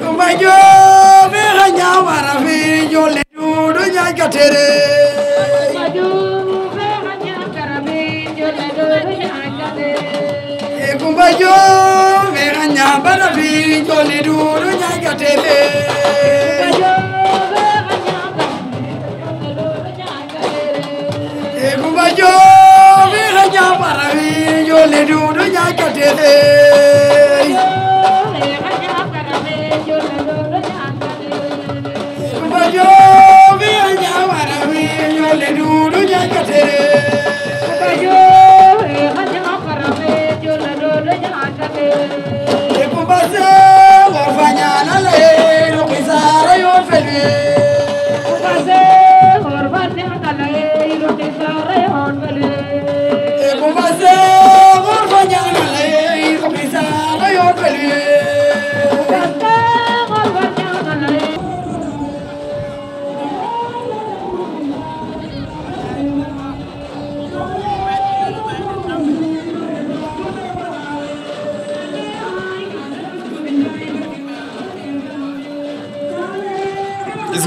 kumba joobe xa ñaawara fi jolle duudu ñaaj ka tere e kumba joobe xa ñaabara fi jolle duudu ñaaj ka tere duudu ñaaj ka Thank you.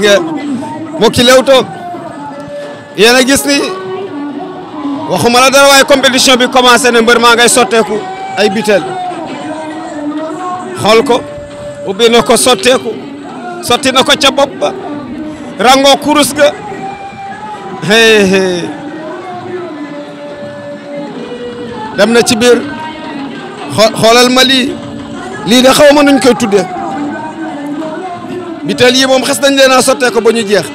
gis nga mbokki Leewtoo yéen a gis ni waxuma la dara waaye compétition bi commencé na mbër maa ngay sotteeku ay bitel xool ko ubbi na ko sotteeku sotti na ko ca bopp ba rangoo kurus ga hey hey dem na ci biir xoolal ma lii lii de xaw ma nuñ koy tuddee biteel yi moom xes nañ leen a sottee ko ba ñu jeex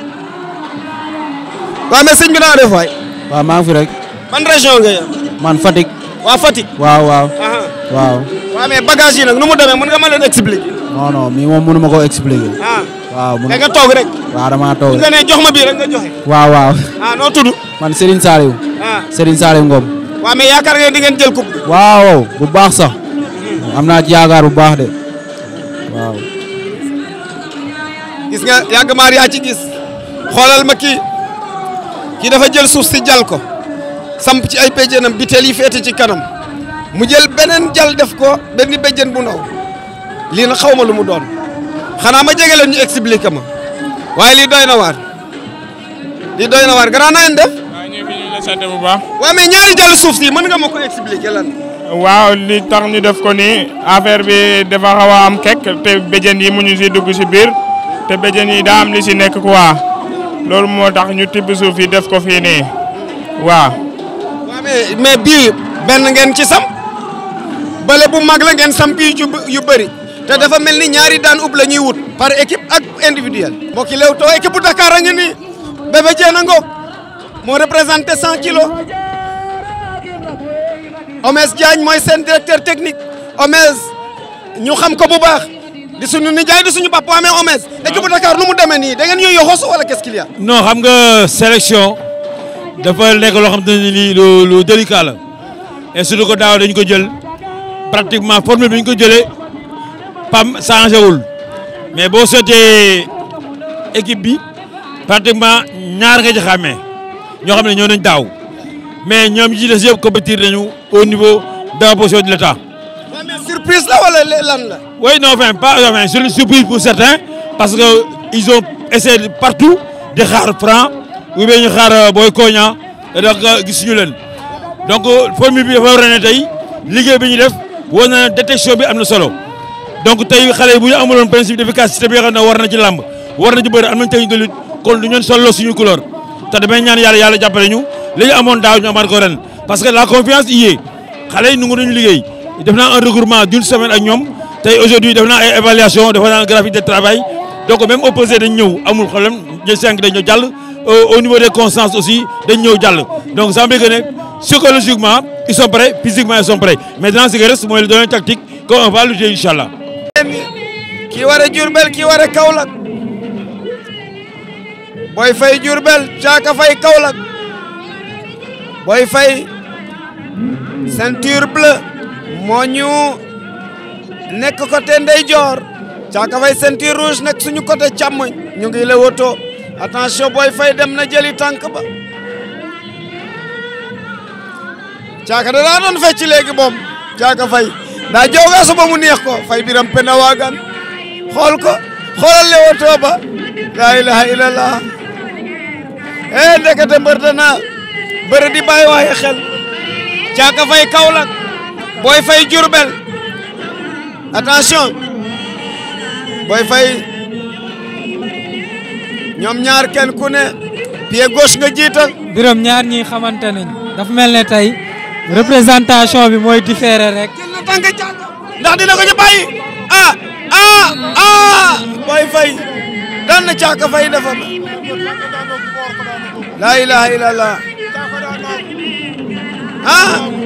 waaw mais maa ngi fi rek. ban région nga man Fatick. waa Fatick. waaw waaw. waaw. waaw mais bagage yi nag nu mu demee mën nga ma leen expliquer. non non mii moom mënu ma koo expliquer. Ah. waaw mën nga toog rek. waaw damaa toog rek nga ne jox ma bii rek nga joxe. waaw waaw. ah noo tudd. man Serigne Saliou. Ah. Serigne Saliou Ngom. waaw mais yaakaar ngeen di ngeen jël coupe. waaw bu baax sax. Mhm. am naa ci bu baax de gis nga yàgg maar yaa ci gis xoolal ma kii kii dafa jël suuf si jal ko samp ci ay béjjénam biteel yi feete ci kanam mu jël beneen jal def ko benn béjjén bu ndaw lii na xaw ma lu mu doon xanaa ma jege leen ñu expliqué ma waaye lii doy na waar lii doy na waar grand na ngeen def. waaw ñu ñaari jàll suuf si mën nga ma ko expliqué waaw li tax ñu def ko nii affaire bi dafa xaw a am kekk te béjjén yi mu ñu si dugg si biir. te béjjén yi daa am li si nekk quoi loolu moo tax ñu tibb suuf def ko fii nii waaw. mais mais bii benn ngeen ci sam bale bu mag la ngeen sam bii yu bëri te dafa mel ni ñaari daan ub la ñuy wut par équipe ak individuel. mbokk yi to équipe bu Dakar a ngi nii Bébé Diène moo représenté 100 kilos Omez Diagne mooy seen directeur technique Omez ñu xam ko bu di suñu nijaay di suñu papa amee Omez. waaw équipe Dakar nu mu demee nii da ngeen ñuy yoxosu wala qu'est-ce non xam nga sélection dafa nekk loo xam te ne nii lu lu délicat la et ko daaw dañ ko jël pratiquement formule bi ñu ko jëlee PAM changé wul mais boo seetee équipe bi pratiquement ñaar nga ci xàmmee ñoo xam ne ñoo nañ daaw mais ñoom yi ci des yëpp compétir nañu au niveau de la position de l' état. surprise la wala lan la. oui non enfin pas enfin c'est une surprise pour certains parce que ils ont essayé partout di xaar Franc ou bien ñu xaar euh, Boy Koña donc euh, gisuñu leen donc euh, formule bi dafa war tey liggéey bi ñu def woon na détection bi am na solo donc tey xale yi bu ñu amuloon principe d'efficacité bi nga xam ne war na ci làmb war na ci bëri am nañ tey de lutte kon du ñu solo suñu couleur te damay ñaan yàlla yàlla jàppale ñu li ñu amoon daaw ñu amaat ko ren parce que la confiance y est xale yi nangu nañu liggéey. def naa un regroupement d'une semaine ak ñoom tey aujourd'hui def naa ay évaluation def naa graphique de travail donc même opposé dañ ñëw amul problème ñu cinq dañ ñëw jàll euh, au niveau des consciences aussi dañ ñëw jàll donc ça veut dire que ne psychologiquement ils sont prêts physiquement ils sont prêts maintenant ce mooy le domaine tactique qu'on va lutter incha allah. kii war a Diourbel kii war a Kaolack Boy Faye Diourbel Caaka Faye Kaolack Boy Faye ceinture bleue. moo ñu nekk côté ndeyjoor Caaka Faye ceinture rouge nekk suñu côté càmmoñ ñu ngi lewoto attention Boy Faye dem na jëli tànk ba Caaka da daa doon fecc léegi moom Caaka Faye daa jooga suba mu neex ko Faye biram pena waagan xool ko xoolal lewoto ba laa ilaha illallah eh ndekete mbër dana bëri di bàyyi waaye xel Caaka Faye Kaolack Boy fay Diourbel attention Boy Faye ñoom ñaar kenn ku ne pied gauche nga jiital biram ñaar ñi xamante nañ dafa mel ne tey représentation bi mooy différé rek ndax dina ko ci bàyyi ah ah ah Boy Faye daan na caaka fay dafa la ilaha illallah ah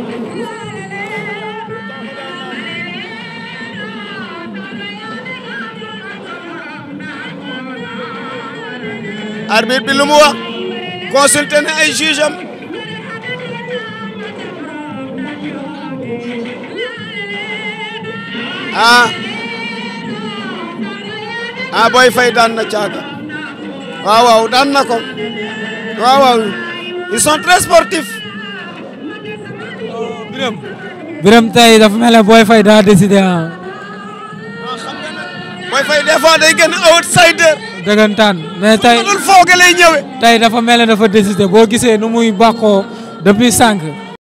arbitre bi lu mu wax ay juge ah. ah Boy fay daan na Thiaka waaw waaw daan na ko waaw waaw ils sont très sportifs. Birame dafa mel Boy Faye daa décidé ah. Boy Faye des fois day gën outsider. dëggantaan mais tey mënul fooge lay ñëwee. tey dafa mel ne dafa décider boo gisee nu muy bàkkoo depuis sànq.